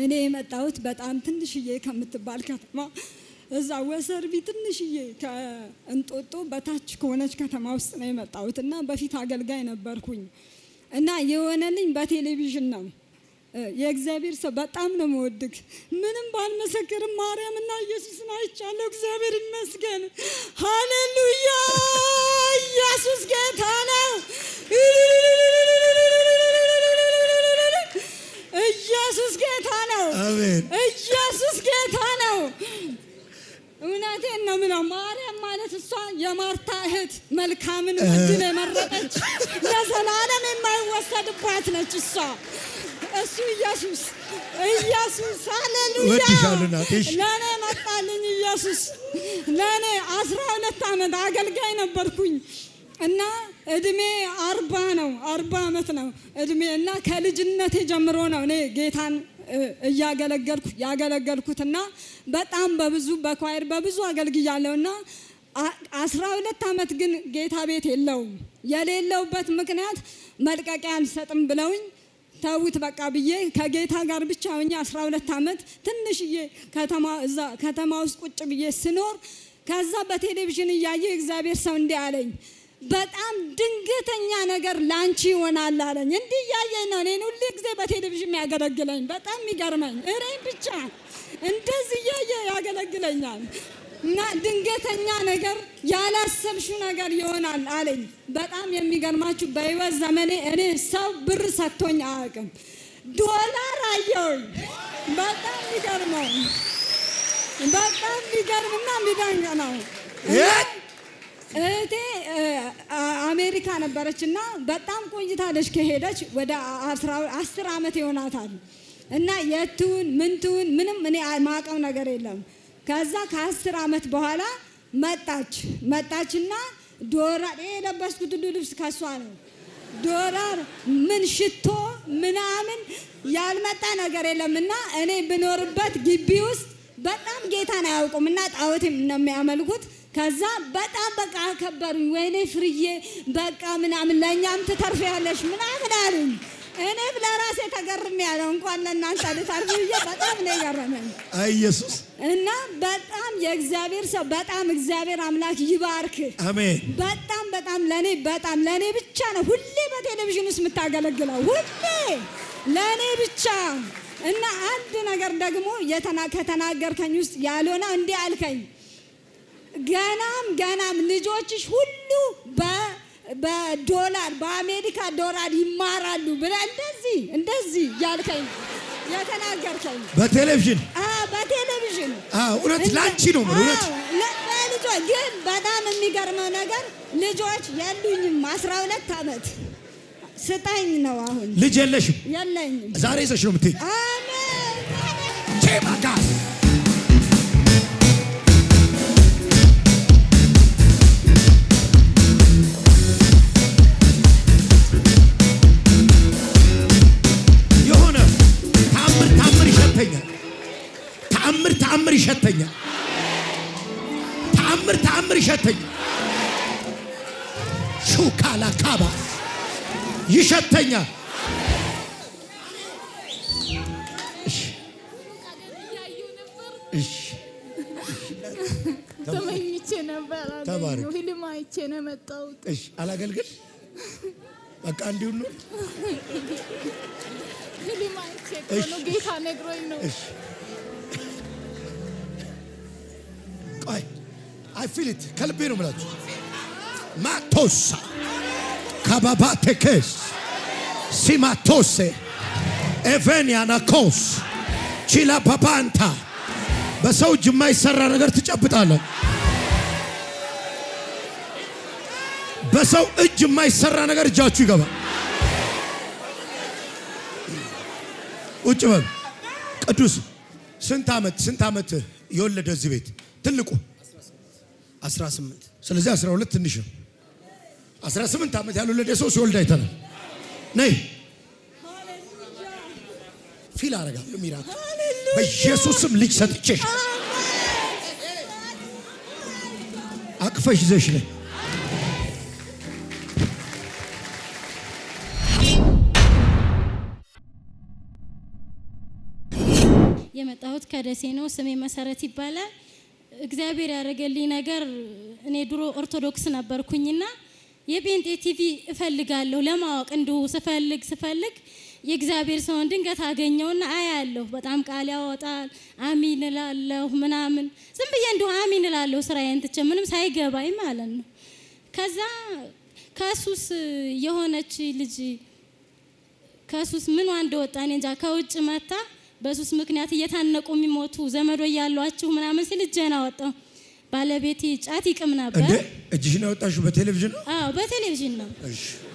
እኔ የመጣሁት በጣም ትንሽዬ ከምትባል ከተማ እዛ ወሰርቢ ትንሽዬ ከእንጦጦ በታች ከሆነች ከተማ ውስጥ ነው የመጣሁት እና በፊት አገልጋይ ነበርኩኝ እና የሆነልኝ በቴሌቪዥን ነው። የእግዚአብሔር ሰው በጣም ነው መወድግ። ምንም ባልመሰክርም እና ኢየሱስን አይቻለሁ። እግዚአብሔር ይመስገን። ሃሌሉያ! ኢየሱስ ጌታ ማርያም ነው። ማርያም ማለት እሷ የማርታ እህት መልካምን እድል የመረጠች ለዘላለም የማይወሰድባት ነች እሷ እሱ ኢየሱስ ኢየሱስ ሃሌሉያ ለእኔ መጣልኝ ኢየሱስ ለእኔ አስራ ሁለት ዓመት አገልጋይ ነበርኩኝ እና እድሜ አርባ ነው አርባ ዓመት ነው እድሜ እና ከልጅነቴ ጀምሮ ነው እኔ ጌታን እያገለገልኩ ያገለገልኩትና በጣም በብዙ በኳይር በብዙ አገልግያለሁና አስራ ሁለት ዓመት ግን ጌታ ቤት የለውም። የሌለውበት ምክንያት መልቀቂያ አልሰጥም ብለውኝ ተውት በቃ ብዬ ከጌታ ጋር ብቻ ሆኜ ሁለት ዓመት ትንሽዬ ከተማ እዛ ከተማ ውስጥ ቁጭ ብዬ ስኖር ከዛ በቴሌቪዥን እያየ እግዚአብሔር ሰው እንዲህ አለኝ በጣም ድንገተኛ ነገር ላንቺ ይሆናል አለኝ። እንዲህ እያየኝ ነው እኔን ሁሌ ጊዜ በቴሌቪዥን የሚያገለግለኝ በጣም የሚገርመኝ እኔን ብቻ እንደዚህ እያየ ያገለግለኛል። እና ድንገተኛ ነገር ያላሰብሽው ነገር ይሆናል አለኝ። በጣም የሚገርማችሁ በህይወት ዘመኔ እኔ ሰው ብር ሰጥቶኝ አያውቅም። ዶላር አየሁኝ። በጣም የሚገርመው በጣም የሚገርምና የሚደንቅ ነው። እህቴ አሜሪካ ነበረች እና በጣም ቆይታለች ከሄደች ወደ አስር ዓመት ይሆናታል እና የትውን ምንትውን ምንም እኔ ማቀው ነገር የለም። ከዛ ከአስር ዓመት በኋላ መጣች መጣችና ዶላር የለበስኩት ሁሉ ልብስ ከሷ ነው። ዶላር ምን ሽቶ ምናምን ያልመጣ ነገር የለም እና እኔ ብኖርበት ግቢ ውስጥ በጣም ጌታን አያውቁም እና ጣዖትም ነው የሚያመልኩት ከዛ በጣም በቃ አከበሩኝ። ወይኔ ፍርዬ በቃ ምናምን ለእኛም ትተርፊያለሽ ምናምን አሉኝ። እኔም ለራሴ ተገርም ያለው እንኳን ለእናንተ ልታርፍ ብዬ በጣም ነው የገረመኝ ኢየሱስ እና በጣም የእግዚአብሔር ሰው በጣም እግዚአብሔር አምላክ ይባርክ። አሜን። በጣም በጣም ለእኔ በጣም ለእኔ ብቻ ነው ሁሌ በቴሌቪዥን ውስጥ የምታገለግለው ሁሌ ለእኔ ብቻ እና አንድ ነገር ደግሞ ከተናገርከኝ ውስጥ ያልሆነ እንዲህ አልከኝ ገናም ገናም ልጆችሽ ሁሉ በዶላር በአሜሪካ ዶላር ይማራሉ ብለህ እንደዚህ እንደዚህ እያልከኝ የተናገርከኝ በቴሌቪዥን በቴሌቪዥን እውነት ላንቺ ነው እውነት ልጆች ግን በጣም የሚገርመው ነገር ልጆች የሉኝም። አስራ ሁለት ዓመት ስጠኝ ነው አሁን ልጅ የለሽም? የለኝም። ዛሬ ይዘሽ ነው ቴማ ተአምር ይሸተኝ ሹካላ ካባ ይሸተኛል። ተመኝቼ ነበር አይቼ ነው የመጣሁት። አላገልግል በቃ እንዲሁ ነው። አይቼ ነው ጌታ ነግሮኝ ነው አይ ፊል ከልቤ ነው የምላችሁ። ማቶሳ ካባባቴኬስ ሲማቶሴ ኤቬንያናኮስ ቺላ ባባንታ በሰው እጅ የማይሰራ ነገር ትጨብጣለህ። በሰው እጅ የማይሰራ ነገር እጃችሁ ይገባል። ቁጭ በል ቅዱስ። ስንት ዓመት ስንት ዓመት የወለደ እዚህ ቤት ትልቁ 18 ስለዚህ 12 ትንሽ ነው። 18 ዓመት ያልወለደ ሰው ሲወልድ አይተናል። ነይ ፊል አደርጋለሁ ሚራት በኢየሱስም ልጅ ሰጥቼሽ አቅፈሽ ይዘሽ ነይ የመጣሁት ከደሴ ነው። ስሜ መሰረት ይባላል። እግዚአብሔር ያደረገልኝ ነገር እኔ ድሮ ኦርቶዶክስ ነበርኩኝና የጴንጤ ቲቪ እፈልጋለሁ ለማወቅ እንዲሁ ስፈልግ ስፈልግ የእግዚአብሔር ሰውን ድንገት አገኘውና አያለሁ። በጣም ቃል ያወጣል። አሚን እላለሁ ምናምን ዝም ብዬ እንዲሁ አሚን እላለሁ ስራዬን ትቼ ምንም ሳይገባኝ ማለት ነው። ከዛ ከሱስ የሆነች ልጅ ከሱስ ምኗ እንደወጣ እኔ እንጃ ከውጭ መታ በሱስ ምክንያት እየታነቁ የሚሞቱ ዘመዶ እያሏችሁ ምናምን ሲል እጄን አወጣው። ባለቤቴ ጫት ይቅም ነበር። እንደ እጅሽን ያወጣሽው በቴሌቪዥን ነው? አዎ በቴሌቪዥን ነው።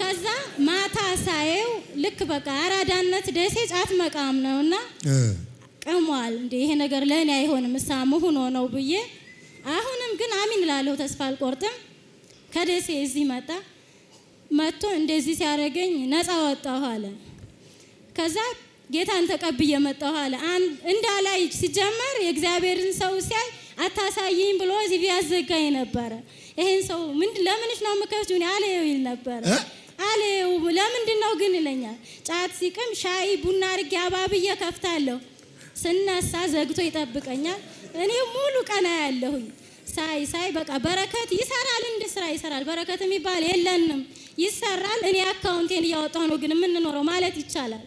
ከዛ ማታ ሳየው ልክ በቃ አራዳነት ደሴ ጫት መቃም ነው እና ቅሟል። እንደ ይሄ ነገር ለእኔ አይሆንም እሳ መሆኖ ነው ብዬ አሁንም ግን አሚን ላለሁ ተስፋ አልቆርጥም። ከደሴ እዚህ መጣ። መጥቶ እንደዚህ ሲያደርገኝ ነፃ ወጣሁ አለ። ከዛ ጌታን ተቀብዬ መጣሁ አለ። እንዳላይ ሲጀመር የእግዚአብሔርን ሰው ሲያይ አታሳይኝ ብሎ እዚህ ያዘጋኝ ነበረ። ይሄን ሰው ምን ለምንሽ ነው የምከፍችውን አለየው ይል ነበረ አለየው ለምንድን ነው ግን ይለኛል። ጫት ሲቅም ሻይ ቡና አድርጌ አባብዬ ከፍታለሁ። ስነሳ ዘግቶ ይጠብቀኛል። እኔ ሙሉ ቀና ያለሁኝ ሳይ ሳይ በቃ በረከት ይሰራል፣ እንደ ስራ ይሰራል። በረከት የሚባል የለንም፣ ይሰራል። እኔ አካውንቴን እያወጣሁ ነው ግን የምንኖረው ማለት ይቻላል።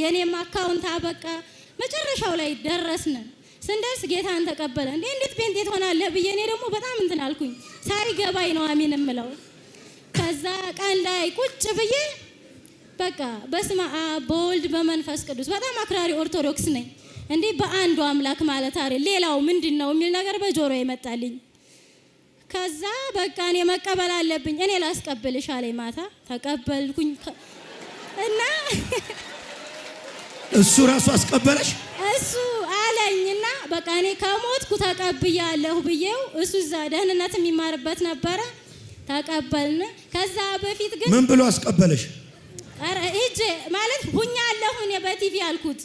የእኔም አካውንት አበቃ። መጨረሻው ላይ ደረስን። ስንደርስ ጌታን ተቀበለ። እንዴ እንዴት ጴንጤ ትሆናለህ ብዬ እኔ ደግሞ በጣም እንትን አልኩኝ። ሳይገባኝ ነው አሚን የምለው። ከዛ ቀን ላይ ቁጭ ብዬ በቃ በስመ አብ በወልድ በመንፈስ ቅዱስ በጣም አክራሪ ኦርቶዶክስ ነኝ። እንዴ በአንዱ አምላክ ማለት አይደል ሌላው ምንድን ነው የሚል ነገር በጆሮ ይመጣልኝ። ከዛ በቃ እኔ መቀበል አለብኝ እኔ ላስቀብልሽ አለኝ። ማታ ተቀበልኩኝ እና እሱ ራሱ አስቀበለሽ? እሱ አለኝና በቃ እኔ ከሞትኩ ተቀብያለሁ ብዬው እሱ እዛ ደህንነት የሚማርበት ነበረ። ተቀበልን። ከዛ በፊት ግን ምን ብሎ አስቀበለሽ? ሂጅ ማለት ሁኛ አለሁ እኔ በቲቪ አልኩት።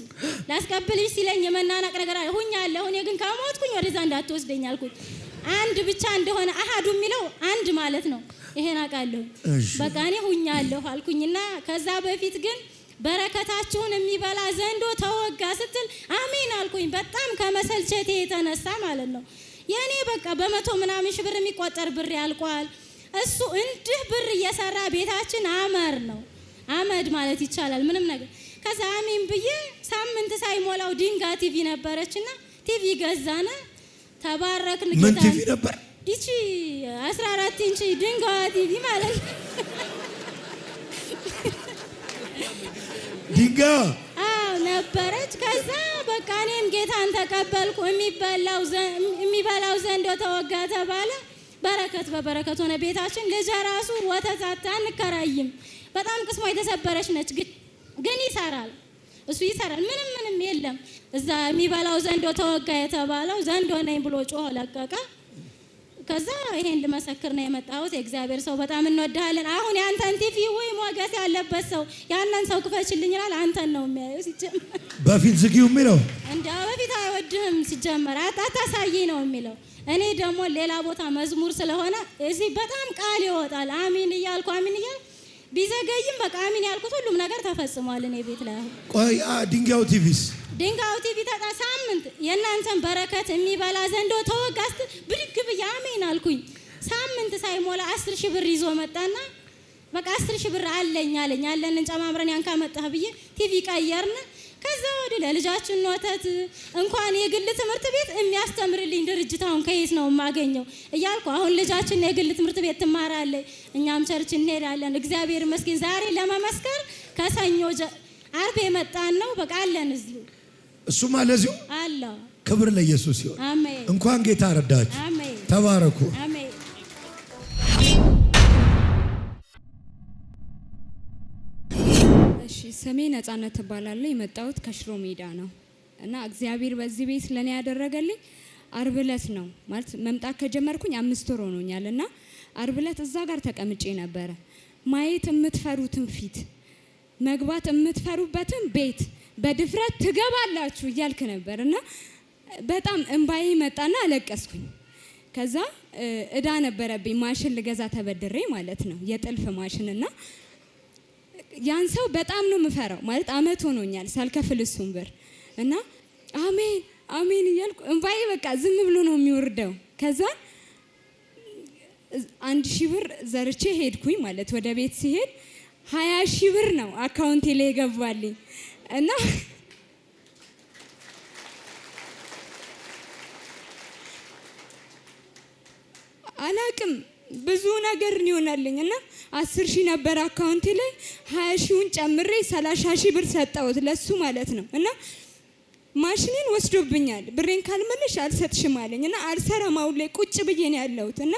ላስቀብልሽ ሲለኝ የመናናቅ ነገር አለ። ሁኛ አለሁ እኔ ግን ከሞትኩኝ ወደዛ እንዳትወስደኝ አልኩት። አንድ ብቻ እንደሆነ አሃዱ የሚለው አንድ ማለት ነው። ይሄን አውቃለሁ። በቃ እኔ ሁኛ አለሁ አልኩኝና ከዛ በፊት ግን በረከታችሁን የሚበላ ዘንዶ ተወጋ ስትል አሜን አልኩኝ። በጣም ከመሰልቸቴ የተነሳ ማለት ነው። የእኔ በቃ በመቶ ምናምን ሺህ ብር የሚቆጠር ብር ያልቋል። እሱ እንድህ ብር እየሰራ ቤታችን አመር ነው አመድ ማለት ይቻላል። ምንም ነገር ከዛ አሜን ብዬ ሳምንት ሳይሞላው ድንጋ ቲቪ ነበረችና ቲቪ ገዛነ። ተባረክን። ምን ቲቪ ነበር? ይቺ 14 ኢንች ድንጋዋ ቲቪ ማለት ነው። ድንጋ አው ነበረች። ከዛ በቃ እኔም ጌታን ተቀበልኩ። የሚበላው ዘንዶ ተወጋ ተባለ። በረከት በበረከት ሆነ ቤታችን። ልጅ ራሱ ወተት አንከራይም። በጣም ቅስሟ የተሰበረች ነች፣ ግን ይሰራል። እሱ ይሰራል። ምንም ምንም የለም። እዛ የሚበላው ዘንዶ ተወጋ የተባለው ዘንዶ ነኝ ብሎ ጮኸ፣ ለቀቀ ከዛ ይሄን ልመሰክር ነው የመጣሁት። የእግዚአብሔር ሰው በጣም እንወድሃለን። አሁን ያንተን ቲቪ ወይ ሞገስ ያለበት ሰው ያንን ሰው ክፈችልኝ ይላል። አንተን ነው የሚያየው። ሲጀመር በፊት ዝጊው የሚለው እንደ በፊት አይወድህም። ሲጀመር አታሳይ ነው የሚለው። እኔ ደግሞ ሌላ ቦታ መዝሙር ስለሆነ እዚህ በጣም ቃል ይወጣል። አሚን እያልኩ አሚን እያልኩ ቢዘገይም በቃ አሚን ያልኩት ሁሉም ነገር ተፈጽሟል። እኔ ቤት ላይ አሁን ቆይ ድንጋዩ ቲቪስ ድንጋዩ ቢጠጣ ሳምንት የእናንተን በረከት የሚበላ ዘንዶ ተወጋ ስትል ብድግ ብዬ አሜን አልኩኝ። ሳምንት ሳይሞላ አስር ሺህ ብር ይዞ መጣና በቃ አስር ሺህ ብር አለኝ አለኝ ያለንን ጨማምረን ያንካ መጣህ ብዬ ቲቪ ቀየርን። ከዛ ወዲህ ለልጃችን ወተት እንኳን የግል ትምህርት ቤት የሚያስተምርልኝ ድርጅት አሁን ከየት ነው የማገኘው እያልኩ አሁን ልጃችን የግል ትምህርት ቤት ትማራለች፣ እኛም ቸርች እንሄዳለን። እግዚአብሔር ይመስገን ዛሬ ለመመስከር ከሰኞ አርብ የመጣን ነው። በቃ አለን እዚሁ እሱማ ለዚሁ ክብር ለኢየሱስ ይሁን። እንኳን ጌታ ረዳችሁ። ተባረኩ። እሺ፣ ስሜ ነጻነት እባላለሁ። የመጣሁት ከሽሮ ሜዳ ነው እና እግዚአብሔር በዚህ ቤት ለእኔ ያደረገልኝ አርብ ዕለት ነው ማለት መምጣት ከጀመርኩኝ አምስት ወር ሆኖኛል እና አርብ ዕለት እዛ ጋር ተቀምጬ ነበረ ማየት የምትፈሩትን ፊት መግባት የምትፈሩበትን ቤት በድፍረት ትገባላችሁ እያልክ ነበር እና በጣም እንባዬ መጣና አለቀስኩኝ። ከዛ እዳ ነበረብኝ ማሽን ልገዛ ተበድሬ ማለት ነው የጥልፍ ማሽን እና ያን ሰው በጣም ነው የምፈራው። ማለት አመት ሆኖኛል ሳልከፍል እሱን ብር እና አሜን አሜን እያልኩ እንባዬ በቃ ዝም ብሎ ነው የሚወርደው። ከዛ አንድ ሺህ ብር ዘርቼ ሄድኩኝ ማለት ወደ ቤት ሲሄድ ሀያ ሺህ ብር ነው አካውንቴ ላይ የገባልኝ። እና አላቅም ብዙ ነገር ይሆናልኝ እና አስር ሺህ ነበር አካውንቴ ላይ ሀያ ሺውን ጨምሬ ሰላሳ ሺህ ብር ሰጠሁት ለሱ ማለት ነው። እና ማሽኔን ወስዶብኛል። ብሬን ካልመለሽ አልሰጥሽም አለኝ እና አልሰራም። አሁን ላይ ቁጭ ብዬ ነው ያለሁት እና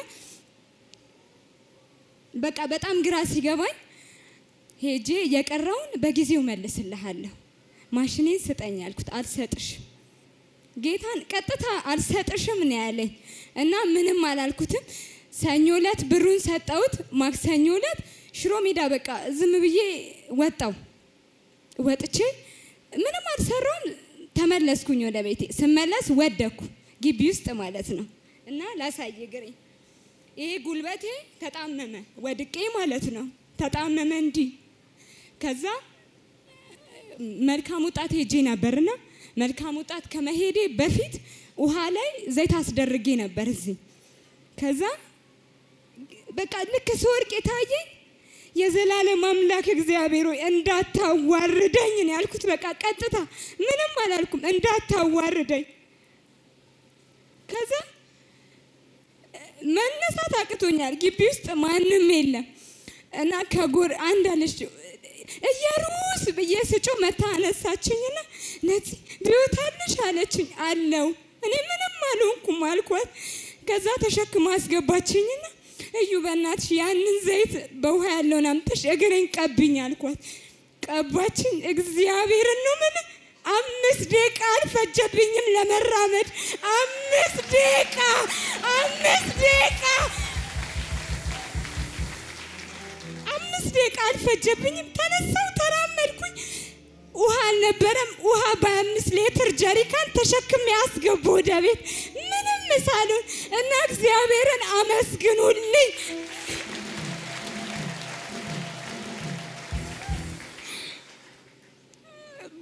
በቃ በጣም ግራ ሲገባኝ ሄጄ የቀረውን በጊዜው መልስልሃለሁ ማሽኔን ስጠኝ አልኩት። አልሰጥሽም ጌታን ቀጥታ አልሰጥሽም ነው ያለኝ እና ምንም አላልኩትም። ሰኞ ዕለት ብሩን ሰጠሁት። ማክሰኞ ዕለት ሽሮ ሜዳ በቃ ዝም ብዬ ወጣው። ወጥቼ ምንም አልሰራውም። ተመለስኩኝ ወደ ቤቴ። ስመለስ ወደኩ ግቢ ውስጥ ማለት ነው እና ላሳይ ግሬ ይሄ ጉልበቴ ተጣመመ፣ ወድቄ ማለት ነው ተጣመመ እንዲህ ከዛ መልካም ውጣት ሄጄ ነበርና መልካም ውጣት ከመሄዴ በፊት ውሃ ላይ ዘይት አስደርጌ ነበር እዚህ። ከዛ በቃ ልክ ስወርቅ የታየኝ የዘላለም አምላክ እግዚአብሔር ሆይ እንዳታዋርደኝ ነው ያልኩት። በቃ ቀጥታ ምንም አላልኩም፣ እንዳታዋርደኝ። ከዛ መነሳት አቅቶኛል። ግቢ ውስጥ ማንም የለም እና ከጎር አንድ አለች እየሩ ብዬ ስጮ መታ አነሳችኝና ነፂ ቢዩት አለሽ አለችኝ። አለው እኔ ምንም አልሆንኩም አልኳት። ከዛ ተሸክማ አስገባችኝና እዩ በእናትሽ ያንን ዘይት በውሃ ያለውን አምጥሽ እግሬን ቀብኝ አልኳት። ቀባችኝ። እግዚአብሔር ነው ምን አምስት ደቂቃ አልፈጀብኝም ለመራመድ። አምስት ደቂቃ አምስት ደቂቃ አምስት ደቂቃ አልፈጀብኝም። ተነሳው ተራ ውሃ አልነበረም። ውሃ በአምስት ሌትር ጀሪካን ተሸክሜ ያስገቡ ወደ ቤት ምንም ሳሉን እና እግዚአብሔርን አመስግኑልኝ።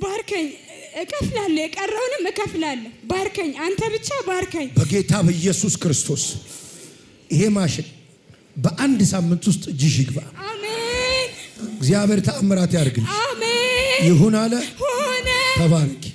ባርከኝ እከፍላለሁ፣ የቀረውንም እከፍላለሁ። ባርከኝ፣ አንተ ብቻ ባርከኝ በጌታ በኢየሱስ ክርስቶስ። ይሄ ማሽን በአንድ ሳምንት ውስጥ እጅሽ ይግባ። አሜን። እግዚአብሔር ተአምራት ያደርግልሽ። ይሁን አለ። ተባረክ።